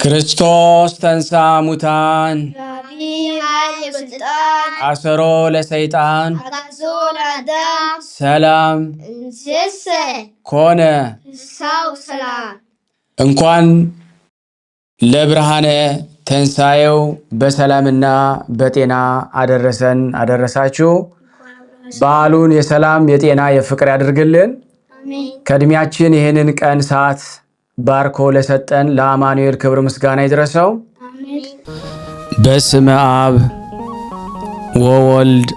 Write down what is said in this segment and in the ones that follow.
ክርስቶስ ተንሳ ሙታን አሰሮ ለሰይጣን ሰላም ኮነ። እንኳን ለብርሃነ ትንሣኤው በሰላምና በጤና አደረሰን አደረሳችሁ። በዓሉን የሰላም የጤና የፍቅር ያድርግልን። ከእድሜያችን ይህንን ቀን ሰዓት ባርኮ ለሰጠን ለአማኑኤል ክብር ምስጋና ይድረሰው። በስመ አብ ወወልድ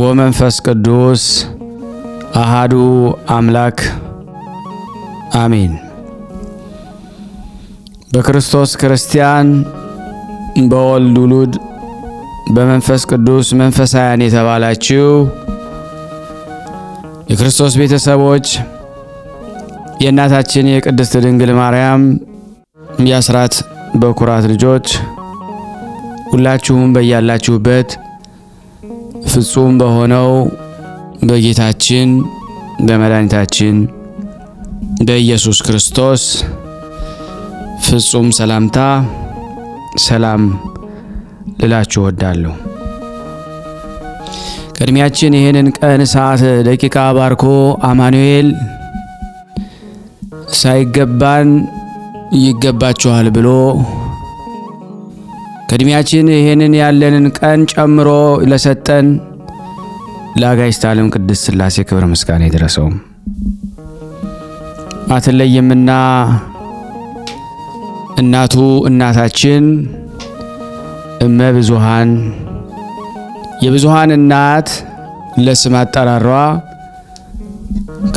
ወመንፈስ ቅዱስ አሃዱ አምላክ አሜን። በክርስቶስ ክርስቲያን፣ በወልድ ውሉድ፣ በመንፈስ ቅዱስ መንፈሳውያን የተባላችሁ የክርስቶስ ቤተሰቦች የእናታችን የቅድስት ድንግል ማርያም የአስራት በኩራት ልጆች ሁላችሁም በያላችሁበት ፍጹም በሆነው በጌታችን በመድኃኒታችን በኢየሱስ ክርስቶስ ፍጹም ሰላምታ ሰላም ልላችሁ ወዳለሁ። ቅድሚያችን ይህንን ቀን ሰዓት፣ ደቂቃ ባርኮ አማኑኤል ሳይገባን ይገባችኋል ብሎ ከእድሜያችን ይህንን ያለንን ቀን ጨምሮ ለሰጠን ለአጋዕዝተ ዓለም ቅድስት ሥላሴ ክብር ምስጋና ይድረሰው። አትለይምና እናቱ እናታችን እመ ብዙሃን የብዙሃን እናት ለስም አጠራሯ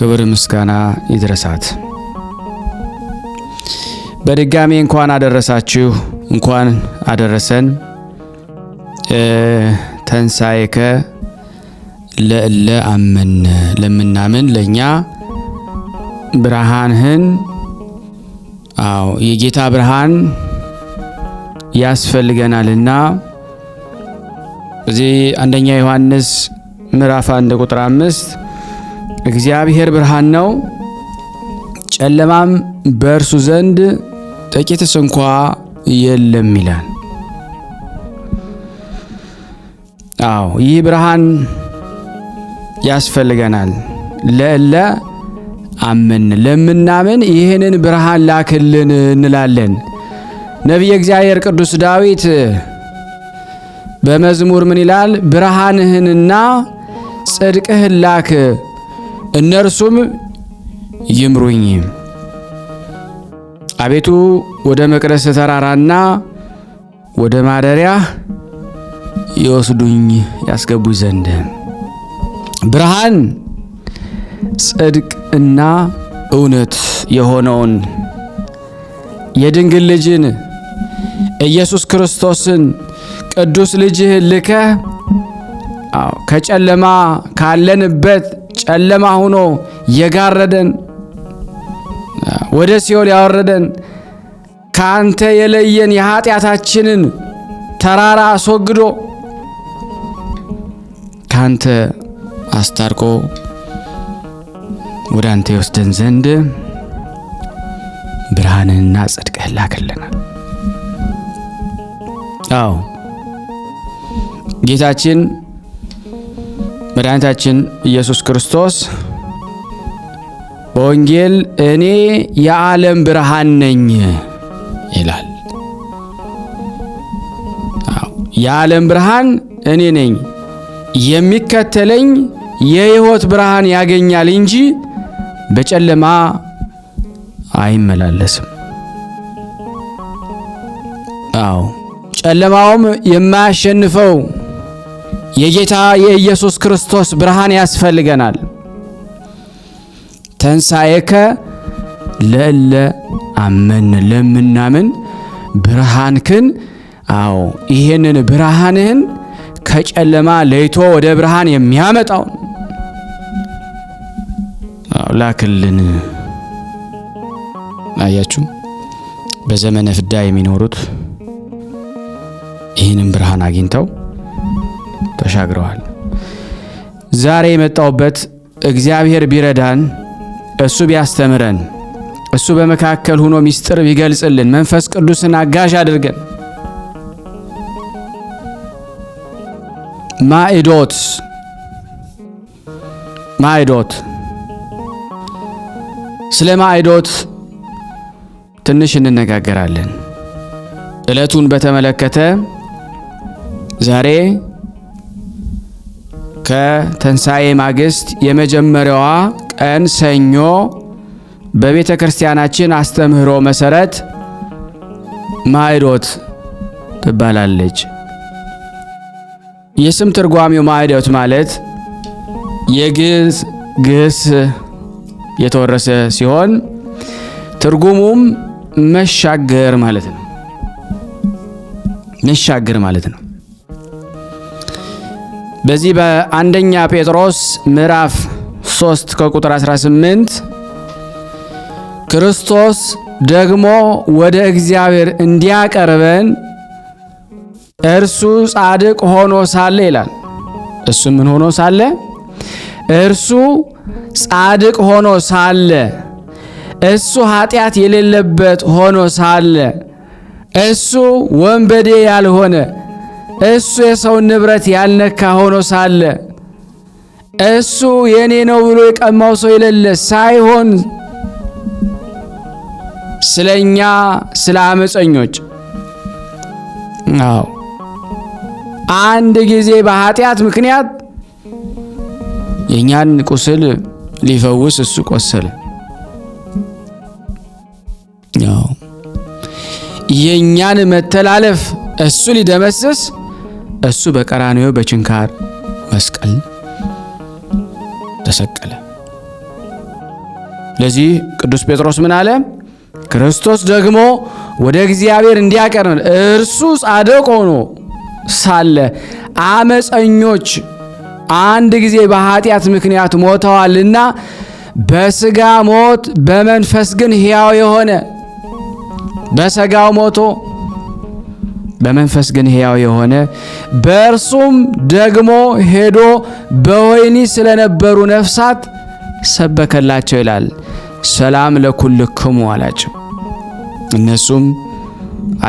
ክብር ምስጋና ይድረሳት። በድጋሚ እንኳን አደረሳችሁ፣ እንኳን አደረሰን። ተንሳይከ ለእለ አመነ ለምናምን ለእኛ ብርሃንህን አዎ የጌታ ብርሃን ያስፈልገናልና እዚህ አንደኛ ዮሐንስ ምዕራፍ አንድ ቁጥር አምስት እግዚአብሔር ብርሃን ነው ጨለማም በእርሱ ዘንድ ጥቂትስ እንኳ የለም ይላል። አዎ ይህ ብርሃን ያስፈልገናል። ለእለ አምን ለምናምን ይህንን ብርሃን ላክልን እንላለን። ነቢየ እግዚአብሔር ቅዱስ ዳዊት በመዝሙር ምን ይላል? ብርሃንህንና ጽድቅህን ላክ እነርሱም ይምሩኝ። አቤቱ ወደ መቅደስ ተራራና ወደ ማደሪያ ይወስዱኝ ያስገቡኝ ዘንድ ብርሃን ጽድቅ እና እውነት የሆነውን የድንግል ልጅን ኢየሱስ ክርስቶስን ቅዱስ ልጅህን ልከ ከጨለማ ካለንበት ጨለማ ሆኖ የጋረደን ወደ ሲኦል ያወረደን ከአንተ የለየን የኃጢአታችንን ተራራ አስወግዶ ከአንተ አስታርቆ ወደ አንተ የወስደን ዘንድ ብርሃንንና ጽድቅህን ላክልናል። አዎ ጌታችን መድኃኒታችን ኢየሱስ ክርስቶስ በወንጌል እኔ የዓለም ብርሃን ነኝ ይላል። የዓለም ብርሃን እኔ ነኝ፣ የሚከተለኝ የሕይወት ብርሃን ያገኛል እንጂ በጨለማ አይመላለስም። አዎ ጨለማውም የማያሸንፈው የጌታ የኢየሱስ ክርስቶስ ብርሃን ያስፈልገናል። ተንሣኤከ ለእለ አመን ለምናምን ብርሃንክን አዎ ይሄንን ብርሃንህን ከጨለማ ለይቶ ወደ ብርሃን የሚያመጣው ላክልን። አያችሁ፣ በዘመነ ፍዳ የሚኖሩት ይህንን ብርሃን አግኝተው ተሻግረዋል። ዛሬ የመጣውበት እግዚአብሔር ቢረዳን እሱ ቢያስተምረን እሱ በመካከል ሆኖ ሚስጥር ቢገልጽልን መንፈስ ቅዱስን አጋዥ አድርገን ማዕዶት ማዕዶት ስለ ማዕዶት ትንሽ እንነጋገራለን። ዕለቱን በተመለከተ ዛሬ ከተንሣኤ ማግስት የመጀመሪያዋ ቀን ሰኞ በቤተ ክርስቲያናችን አስተምህሮ መሰረት ማዕዶት ትባላለች። የስም ትርጓሜው ማይዶት ማለት የግዕዝ ግስ የተወረሰ ሲሆን ትርጉሙም መሻገር ማለት ነው። መሻገር ማለት ነው። በዚህ በአንደኛ ጴጥሮስ ምዕራፍ 3 ከቁጥር 18 ክርስቶስ ደግሞ ወደ እግዚአብሔር እንዲያቀርበን እርሱ ጻድቅ ሆኖ ሳለ ይላል። እሱ ምን ሆኖ ሳለ? እርሱ ጻድቅ ሆኖ ሳለ፣ እሱ ኃጢአት የሌለበት ሆኖ ሳለ፣ እሱ ወንበዴ ያልሆነ፣ እሱ የሰውን ንብረት ያልነካ ሆኖ ሳለ እሱ የኔ ነው ብሎ የቀማው ሰው የሌለ ሳይሆን ስለ እኛ ስለ አመፀኞች አዎ አንድ ጊዜ በኃጢአት ምክንያት የእኛን ቁስል ሊፈውስ እሱ ቆሰለ። የእኛን መተላለፍ እሱ ሊደመስስ እሱ በቀራንዮ በችንካር መስቀል ተሰቀለ። ለዚህ ቅዱስ ጴጥሮስ ምን አለ? ክርስቶስ ደግሞ ወደ እግዚአብሔር እንዲያቀርብ እርሱ ጻድቅ ሆኖ ሳለ አመፀኞች አንድ ጊዜ በኃጢአት ምክንያት ሞተዋልና በስጋ ሞት በመንፈስ ግን ሕያው የሆነ በሰጋው ሞቶ በመንፈስ ግን ሕያው የሆነ በእርሱም ደግሞ ሄዶ በወይኒ ስለነበሩ ነፍሳት ሰበከላቸው ይላል። ሰላም ለኩልክሙ አላቸው። እነሱም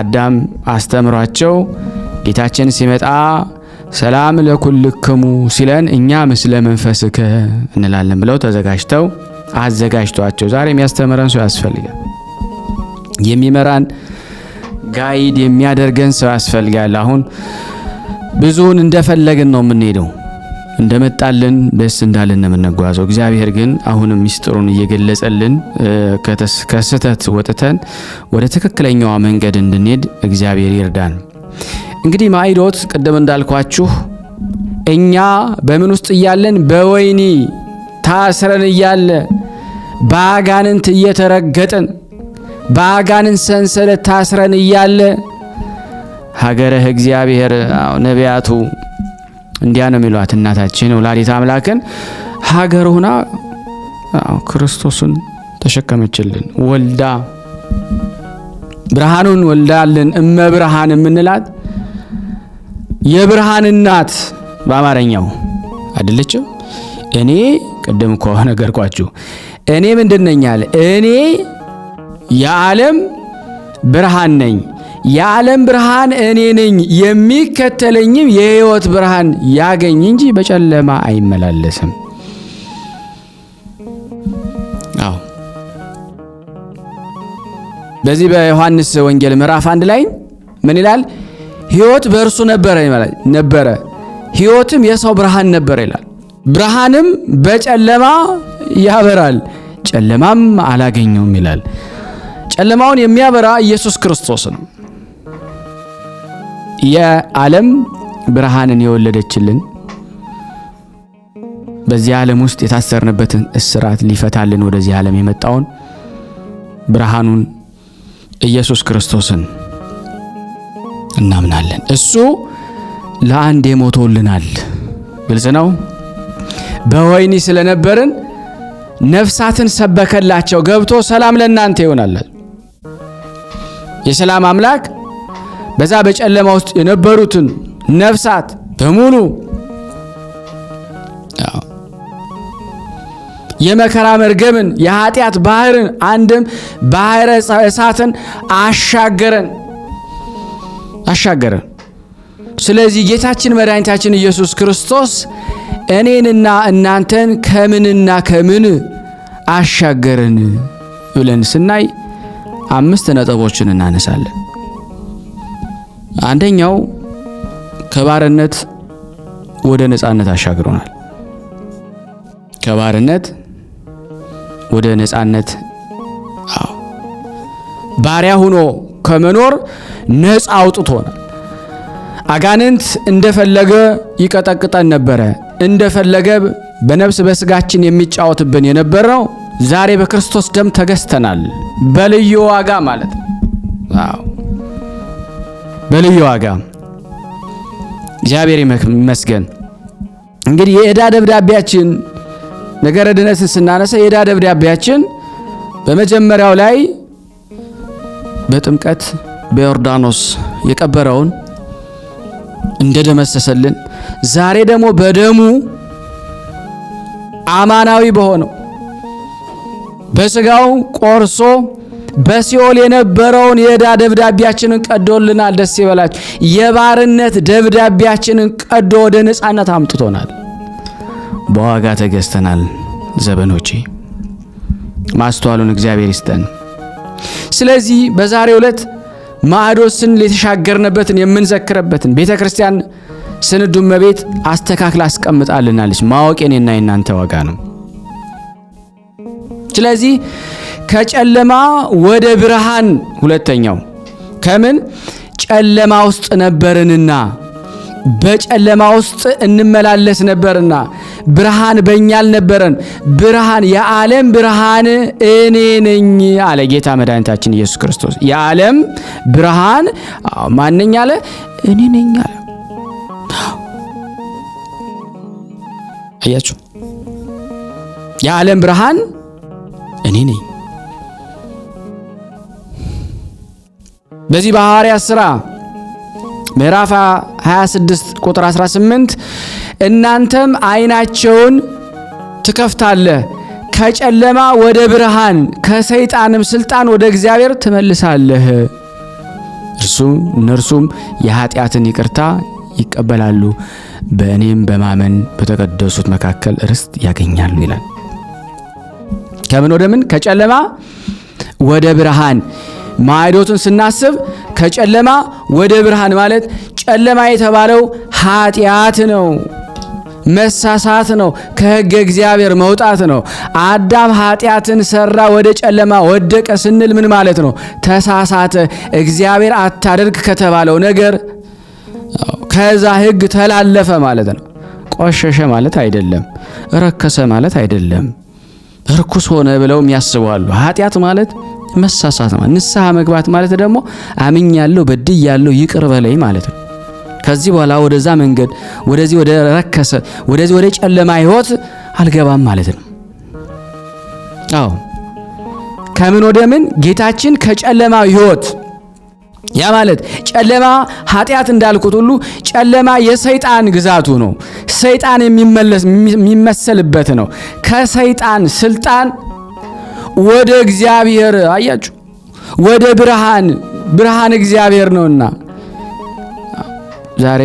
አዳም አስተምሯቸው ጌታችን ሲመጣ ሰላም ለኩልክሙ ሲለን እኛ ምስለ መንፈስከ እንላለን ብለው ተዘጋጅተው አዘጋጅቷቸው ዛሬ የሚያስተምረን ሰው ያስፈልጋል። የሚመራን ጋይድ የሚያደርገን ሰው ያስፈልጋል። አሁን ብዙውን እንደፈለግን ነው የምንሄደው፣ እንደመጣልን ደስ እንዳለን ነው የምንጓዘው። እግዚአብሔር ግን አሁንም ሚስጥሩን እየገለጸልን ከስህተት ወጥተን ወደ ትክክለኛዋ መንገድ እንድንሄድ እግዚአብሔር ይርዳን። እንግዲህ ማይዶት ቅድም እንዳልኳችሁ እኛ በምን ውስጥ እያለን በወይኒ ታስረን እያለ በአጋንንት እየተረገጥን በአጋንን ሰንሰለት ታስረን እያለ ሀገረ እግዚአብሔር ነቢያቱ እንዲያ ነው የሚሏት እናታችን ወላዲት አምላክን ሀገር ሆና ክርስቶስን ተሸከመችልን ወልዳ ብርሃኑን ወልዳልን እመብርሃን የምንላት የብርሃን እናት በአማርኛው አይደለችም። እኔ ቅድም እኮ ነገርኳችሁ። እኔ ምንድነኛል እኔ የዓለም ብርሃን ነኝ የዓለም ብርሃን እኔ ነኝ፣ የሚከተለኝም የሕይወት ብርሃን ያገኝ እንጂ በጨለማ አይመላለስም። አዎ በዚህ በዮሐንስ ወንጌል ምዕራፍ አንድ ላይ ምን ይላል? ሕይወት በእርሱ ነበረ ነበረ ሕይወትም የሰው ብርሃን ነበረ ይላል። ብርሃንም በጨለማ ያበራል፣ ጨለማም አላገኘውም ይላል። ጨለማውን የሚያበራ ኢየሱስ ክርስቶስ ነው። የዓለም ብርሃንን የወለደችልን በዚህ ዓለም ውስጥ የታሰርንበትን እስራት ሊፈታልን ወደዚህ ዓለም የመጣውን ብርሃኑን ኢየሱስ ክርስቶስን እናምናለን። እሱ ለአንድ የሞቶልናል። ግልጽ ነው። በወይኒ ስለነበርን ነፍሳትን ሰበከላቸው። ገብቶ ሰላም ለእናንተ ይሆናል። የሰላም አምላክ በዛ በጨለማ ውስጥ የነበሩትን ነፍሳት በሙሉ የመከራ መርገምን የኃጢአት ባህርን አንድም ባህረ እሳትን አሻገረን አሻገረን። ስለዚህ ጌታችን መድኃኒታችን ኢየሱስ ክርስቶስ እኔንና እናንተን ከምንና ከምን አሻገረን ብለን ስናይ አምስት ነጥቦችን እናነሳለን። አንደኛው ከባርነት ወደ ነጻነት አሻግሮናል። ከባርነት ወደ ነጻነት። አዎ ባሪያ ሆኖ ከመኖር ነጻ አውጥቶናል። አጋንንት እንደፈለገ ይቀጠቅጠን ነበረ። እንደፈለገ በነፍስ በስጋችን የሚጫወትብን የነበረው ዛሬ በክርስቶስ ደም ተገዝተናል። በልዩ ዋጋ ማለት ነው። በልዩ ዋጋ እግዚአብሔር ይመስገን። እንግዲህ የዕዳ ደብዳቤያችን ነገረ ድነትን ስናነሳ የዕዳ ደብዳቤያችን በመጀመሪያው ላይ በጥምቀት በዮርዳኖስ የቀበረውን እንደደመሰሰልን ዛሬ ደግሞ በደሙ አማናዊ በሆነው በስጋው ቆርሶ በሲኦል የነበረውን የዕዳ ደብዳቤያችንን ቀዶልናል። ደስ ይበላችሁ። የባርነት ደብዳቤያችንን ቀዶ ወደ ነፃነት አምጥቶናል። በዋጋ ተገዝተናል። ዘበኖቼ ማስተዋሉን እግዚአብሔር ይስጠን። ስለዚህ በዛሬው ዕለት ማዕዶስን የተሻገርንበትን የምንዘክርበትን ቤተ ክርስቲያን ስንዱ እመቤት አስተካክላ አስቀምጣልናለች። ማወቅ የኔና የናንተ ዋጋ ነው። ስለዚህ ከጨለማ ወደ ብርሃን፣ ሁለተኛው ከምን ጨለማ ውስጥ ነበርንና በጨለማ ውስጥ እንመላለስ ነበርና ብርሃን በእኛ አልነበረን። ብርሃን የዓለም ብርሃን እኔ ነኝ አለ ጌታ መድኃኒታችን ኢየሱስ ክርስቶስ። የዓለም ብርሃን ማነኝ አለ? እኔ ነኝ አለ። አያችሁ፣ የዓለም ብርሃን እኔ ነኝ። በዚህ በሐዋርያት ሥራ ምዕራፍ 26 ቁጥር 18 እናንተም ዓይናቸውን ትከፍታለህ ከጨለማ ወደ ብርሃን ከሰይጣንም ስልጣን ወደ እግዚአብሔር ትመልሳለህ። እርሱም እነርሱም የኃጢአትን ይቅርታ ይቀበላሉ፣ በእኔም በማመን በተቀደሱት መካከል ርስት ያገኛሉ ይላል። ከምን ወደ ምን? ከጨለማ ወደ ብርሃን ማዕዶቱን ስናስብ ከጨለማ ወደ ብርሃን ማለት ጨለማ የተባለው ኃጢአት ነው፣ መሳሳት ነው፣ ከሕገ እግዚአብሔር መውጣት ነው። አዳም ኃጢአትን ሰራ፣ ወደ ጨለማ ወደቀ ስንል ምን ማለት ነው? ተሳሳተ። እግዚአብሔር አታደርግ ከተባለው ነገር ከዛ ሕግ ተላለፈ ማለት ነው። ቆሸሸ ማለት አይደለም፣ ረከሰ ማለት አይደለም። ርኩስ ሆነ ብለውም ያስባሉ። ኃጢአት ማለት መሳሳት ማለት ንስሐ መግባት ማለት ደግሞ አምኛለሁ፣ በድያለሁ፣ ይቅር በለኝ ማለት ነው። ከዚህ በኋላ ወደዛ መንገድ ወደዚህ ወደ ረከሰ ወደዚህ ወደ ጨለማ ህይወት አልገባም ማለት ነው። አዎ ከምን ወደ ምን ጌታችን ከጨለማ ህይወት ያ ማለት ጨለማ ኃጢአት እንዳልኩት ሁሉ ጨለማ የሰይጣን ግዛቱ ነው። ሰይጣን የሚመሰልበት ነው። ከሰይጣን ስልጣን ወደ እግዚአብሔር አያችሁ፣ ወደ ብርሃን ብርሃን እግዚአብሔር ነውና ዛሬ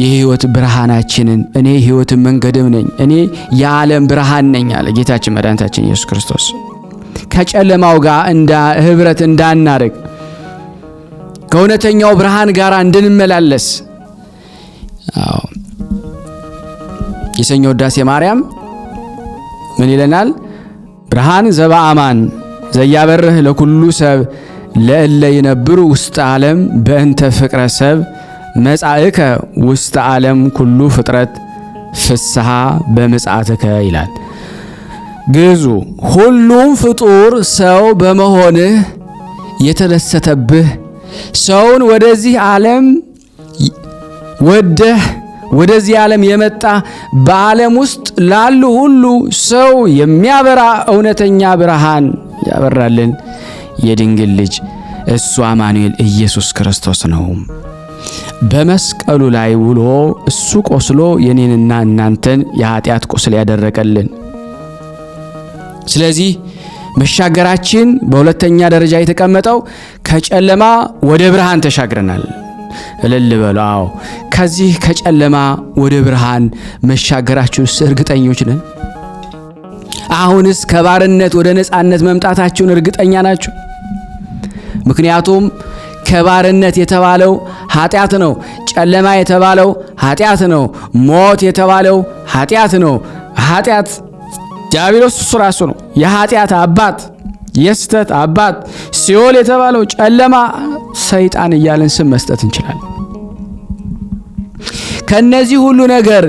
የህይወት ብርሃናችንን እኔ ህይወትን መንገድም ነኝ እኔ የዓለም ብርሃን ነኝ አለ ጌታችን መድኃኒታችን ኢየሱስ ክርስቶስ። ከጨለማው ጋር ህብረት እንዳናደርግ ከእውነተኛው ብርሃን ጋር እንድንመላለስ የሰኞ ዳሴ ማርያም ምን ይለናል? ብርሃን ዘበአማን ዘያበርህ ለኩሉ ሰብ ለእለ ይነብሩ ውስጥ ዓለም በእንተ ፍቅረ ሰብ መጻእከ ውስጥ ዓለም ኩሉ ፍጥረት ፍስሃ በመጻእተከ ይላል። ግዙ ሁሉም ፍጡር ሰው በመሆንህ የተደሰተብህ ሰውን ወደዚህ ዓለም ወደህ ወደዚህ ዓለም የመጣ በዓለም ውስጥ ላሉ ሁሉ ሰው የሚያበራ እውነተኛ ብርሃን ያበራልን የድንግል ልጅ እሱ አማኑኤል ኢየሱስ ክርስቶስ ነው። በመስቀሉ ላይ ውሎ እሱ ቆስሎ የኔንና እናንተን የኃጢአት ቁስል ያደረቀልን። ስለዚህ መሻገራችን በሁለተኛ ደረጃ የተቀመጠው ከጨለማ ወደ ብርሃን ተሻግረናል። እልል በሉ። አዎ ከዚህ ከጨለማ ወደ ብርሃን መሻገራችሁስ እርግጠኞች ነን? አሁንስ ከባርነት ወደ ነፃነት መምጣታችሁን እርግጠኛ ናችሁ? ምክንያቱም ከባርነት የተባለው ኃጢአት ነው። ጨለማ የተባለው ኃጢአት ነው። ሞት የተባለው ኃጢአት ነው። ኃጢአት ዲያብሎስ እሱ ራሱ ነው የኃጢአት አባት የስተት አባት ሲኦል የተባለው ጨለማ ሰይጣን እያለን ስም መስጠት እንችላለን። ከነዚህ ሁሉ ነገር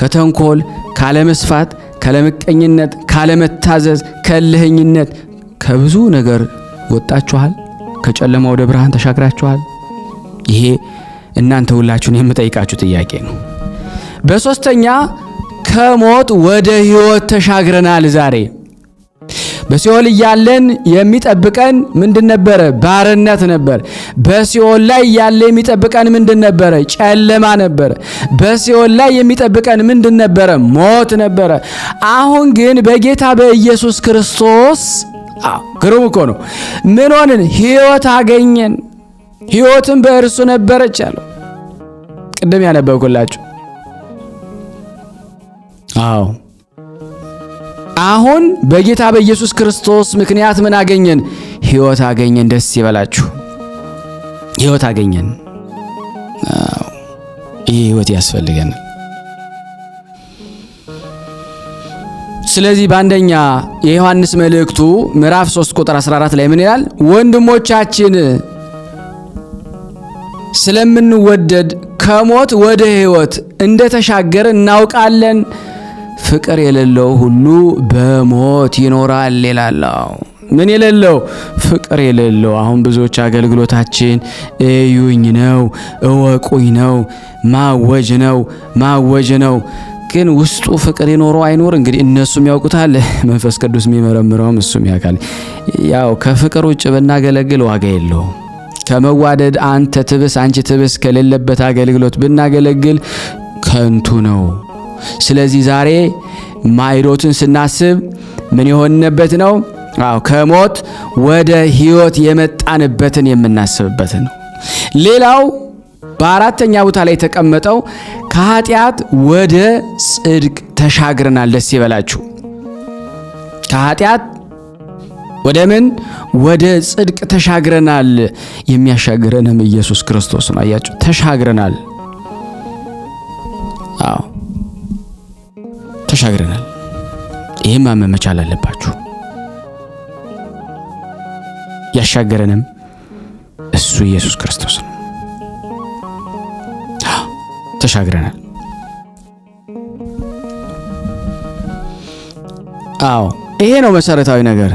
ከተንኮል፣ ካለመስፋት፣ ካለመቀኝነት ካለመታዘዝ፣ ከልህኝነት ከብዙ ነገር ወጣችኋል። ከጨለማ ወደ ብርሃን ተሻግራችኋል። ይሄ እናንተ ሁላችሁን የምጠይቃችሁ ጥያቄ ነው። በሶስተኛ ከሞት ወደ ህይወት ተሻግረናል። ዛሬ በሲኦል እያለን የሚጠብቀን ምንድን ነበረ? ባርነት ነበር። በሲኦል ላይ እያለ የሚጠብቀን ምንድን ነበረ? ጨለማ ነበር በሲኦል ላይ የሚጠብቀን ምንድን ነበረ? ሞት ነበረ። አሁን ግን በጌታ በኢየሱስ ክርስቶስ ግሩም እኮ ነው። ምን ሆንን? ህይወት አገኘን። ህይወትን በእርሱ ነበረች አለው። ቅድም ያነበብኩላችሁ አዎ አሁን በጌታ በኢየሱስ ክርስቶስ ምክንያት ምን አገኘን? ሕይወት አገኘን። ደስ ይበላችሁ። ሕይወት አገኘን። አዎ ይህ ሕይወት ያስፈልገናል። ስለዚህ በአንደኛ የዮሐንስ መልእክቱ ምዕራፍ 3 ቁጥር 14 ላይ ምን ይላል? ወንድሞቻችን ስለምንወደድ ከሞት ወደ ሕይወት እንደተሻገር እናውቃለን ፍቅር የሌለው ሁሉ በሞት ይኖራል ይላለው። ምን የሌለው ፍቅር የሌለው። አሁን ብዙዎች አገልግሎታችን እዩኝ ነው፣ እወቁኝ ነው፣ ማወጅ ነው፣ ማወጅ ነው። ግን ውስጡ ፍቅር ይኖረው አይኖር እንግዲህ እነሱም ያውቁታል። መንፈስ ቅዱስ የሚመረምረውም እሱም ያውቃል። ያው ከፍቅር ውጭ ብናገለግል ዋጋ የለው ከመዋደድ አንተ ትብስ አንቺ ትብስ ከሌለበት አገልግሎት ብናገለግል ከንቱ ነው። ስለዚህ ዛሬ ማዕዶቱን ስናስብ ምን የሆንንበት ነው? አዎ ከሞት ወደ ህይወት የመጣንበትን የምናስብበት ነው። ሌላው በአራተኛ ቦታ ላይ የተቀመጠው ከኃጢአት ወደ ጽድቅ ተሻግረናል። ደስ ይበላችሁ። ከኃጢአት ወደ ምን? ወደ ጽድቅ ተሻግረናል። የሚያሻግረንም ኢየሱስ ክርስቶስ ነው። አያችሁ፣ ተሻግረናል። አዎ ተሻግረናል። ይህም ማመን መቻል አለባችሁ። ያሻገረንም እሱ ኢየሱስ ክርስቶስ ነው። ተሻግረናል። አዎ ይሄ ነው መሰረታዊ ነገር።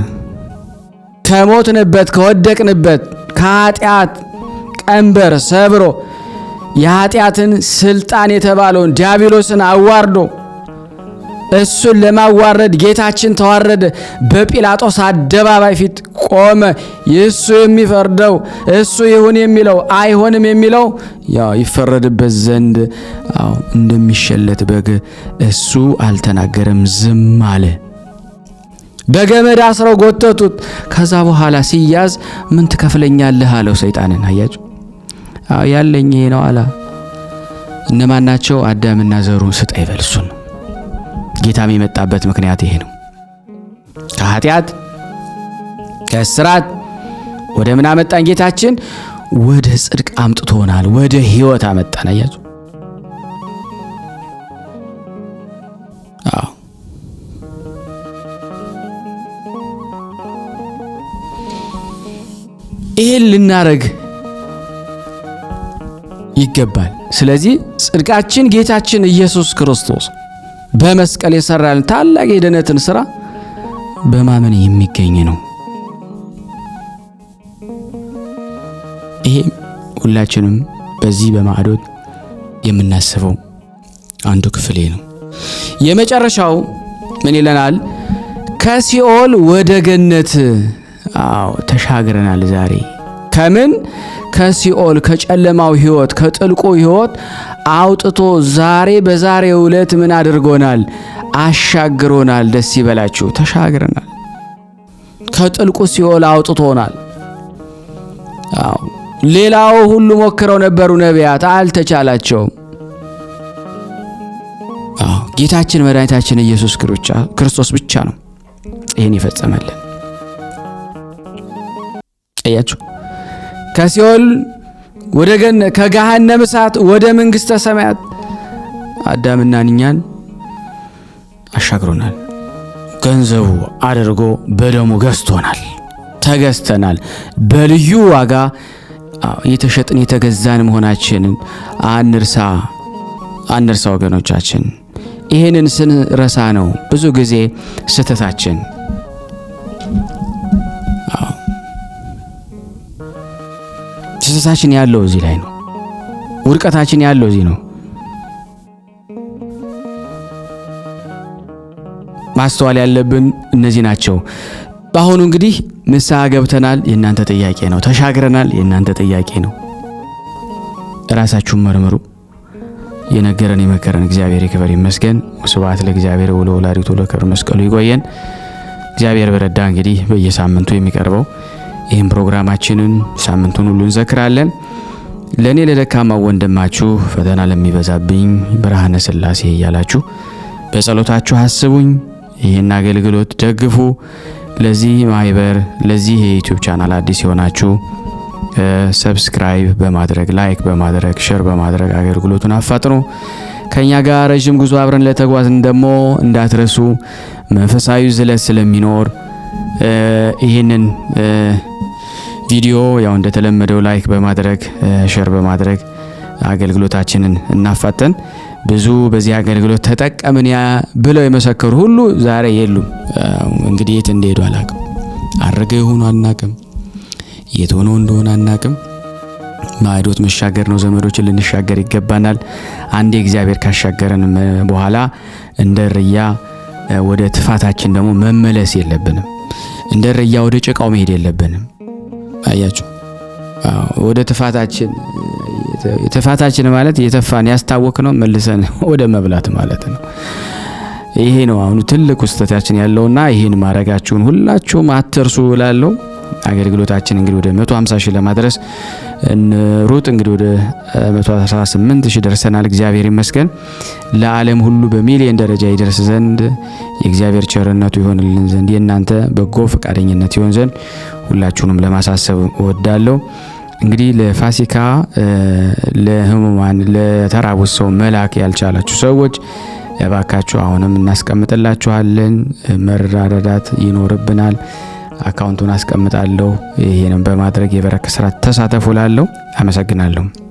ከሞትንበት ከወደቅንበት ከኃጢአት ቀንበር ሰብሮ የኃጢአትን ስልጣን የተባለውን ዲያብሎስን አዋርዶ እሱን ለማዋረድ ጌታችን ተዋረደ፣ በጲላጦስ አደባባይ ፊት ቆመ። እሱ የሚፈርደው እሱ ይሁን የሚለው አይሆንም የሚለው ያው ይፈረድበት ዘንድ አው እንደሚሸለት በግ እሱ አልተናገረም፣ ዝም አለ። በገመድ አስረው ጎተቱት። ከዛ በኋላ ሲያዝ ምን ትከፍለኛለህ አለው ሰይጣንን። አያችሁ ያለኝ ይሄ ነው አላ። እነማን ናቸው? አዳምና ዘሩን ስጥ አይበልሱን ጌታም የመጣበት ምክንያት ይሄ ነው። ከኃጢአት ከእስራት ወደ ምን አመጣን? ጌታችን ወደ ጽድቅ አምጥቶናል። ወደ ህይወት አመጣን። አያችሁ? ይህን ልናረግ ይገባል። ስለዚህ ጽድቃችን ጌታችን ኢየሱስ ክርስቶስ በመስቀል የሰራልን ታላቅ የድነትን ስራ በማመን የሚገኝ ነው። ይሄ ሁላችንም በዚህ በማዕዶት የምናስበው አንዱ ክፍሌ ነው። የመጨረሻው ምን ይለናል? ከሲኦል ወደ ገነት። አዎ ተሻግረናል ዛሬ ከምን ከሲኦል ከጨለማው ህይወት ከጥልቁ ህይወት አውጥቶ ዛሬ በዛሬው ዕለት ምን አድርጎናል? አሻግሮናል። ደስ ይበላችሁ፣ ተሻግረናል። ከጥልቁ ሲኦል አውጥቶናል። አዎ ሌላው ሁሉ ሞክረው ነበሩ ነቢያት፣ አልተቻላቸውም። አዎ ጌታችን መድኃኒታችን ኢየሱስ ክርስቶስ ብቻ ነው ይህን ይፈጸመልን። ጠያችሁ ከሲኦል ወደ ገነ ከገሃነመ እሳት ወደ መንግሥተ ሰማያት አዳምና እኛን አሻግሮናል። ገንዘቡ አድርጎ በደሙ ገዝቶናል። ተገዝተናል። በልዩ ዋጋ የተሸጥን የተገዛን መሆናችንን አንርሳ፣ አንርሳ ወገኖቻችን። ይህንን ስንረሳ ነው ብዙ ጊዜ ስህተታችን መፍሰሳችን ያለው እዚህ ላይ ነው። ውድቀታችን ያለው እዚህ ነው። ማስተዋል ያለብን እነዚህ ናቸው። በአሁኑ እንግዲህ ንስሐ ገብተናል፣ የእናንተ ጥያቄ ነው። ተሻግረናል፣ የእናንተ ጥያቄ ነው። ራሳችሁን መርምሩ። የነገረን የመከረን እግዚአብሔር ይክበር ይመስገን። ስብሐት ለእግዚአብሔር ወለወላዲቱ ለክብር መስቀሉ ይቆየን። እግዚአብሔር በረዳ እንግዲህ በየሳምንቱ የሚቀርበው ይህም ፕሮግራማችንን ሳምንቱን ሁሉ እንዘክራለን። ለእኔ ለደካማው ወንድማችሁ፣ ፈተና ለሚበዛብኝ ብርሃነ ስላሴ እያላችሁ በጸሎታችሁ አስቡኝ። ይህን አገልግሎት ደግፉ። ለዚህ ማይበር ለዚህ የዩትብ ቻናል አዲስ የሆናችሁ ሰብስክራይብ በማድረግ ላይክ በማድረግ ሸር በማድረግ አገልግሎቱን አፋጥኑ። ከኛ ጋር ረዥም ጉዞ አብረን ለተጓዝን ደግሞ እንዳትረሱ። መንፈሳዊ ዝለት ስለሚኖር ይህንን ቪዲዮ ያው እንደተለመደው ላይክ በማድረግ ሼር በማድረግ አገልግሎታችንን እናፋጠን። ብዙ በዚህ አገልግሎት ተጠቀምን ብለው የመሰከሩ ሁሉ ዛሬ የሉም። እንግዲህ የት እንደሄዱ አላቅም። አድርገ የሆኑ አናቅም። የት ሆኖ እንደሆነ አናቅም። ማዕዶት መሻገር ነው። ዘመዶችን ልንሻገር ይገባናል። አንዴ እግዚአብሔር ካሻገረን በኋላ እንደ ወደ ትፋታችን ደግሞ መመለስ የለብንም። እንደ ወደ ጭቃው መሄድ የለብንም። አያችሁ ወደ ትፋታችን ትፋታችን ማለት የተፋን ያስታወክ ነው መልሰን ወደ መብላት ማለት ነው። ይሄ ነው አሁኑ ትልቁ ስህተታችን ያለውና ይህን ማድረጋችሁን ሁላችሁም አትርሱ እላለሁ። አገልግሎታችን እንግዲህ ወደ 150 ሺህ ለማድረስ እንሩጥ። እንግዲህ ወደ 118 ሺህ ደርሰናል። እግዚአብሔር ይመስገን። ለዓለም ሁሉ በሚሊዮን ደረጃ ይደርስ ዘንድ የእግዚአብሔር ቸርነቱ ይሆንልን ዘንድ የእናንተ በጎ ፈቃደኝነት ይሆን ዘንድ ሁላችሁንም ለማሳሰብ እወዳለሁ። እንግዲህ ለፋሲካ ለህሙማን ለተራቡት ሰው መላክ ያልቻላችሁ ሰዎች እባካችሁ አሁንም እናስቀምጥላችኋለን። መረዳዳት ይኖርብናል። አካውንቱን አስቀምጣለሁ። ይህንም በማድረግ የበረከት ስራ ተሳተፉ ላለሁ አመሰግናለሁ።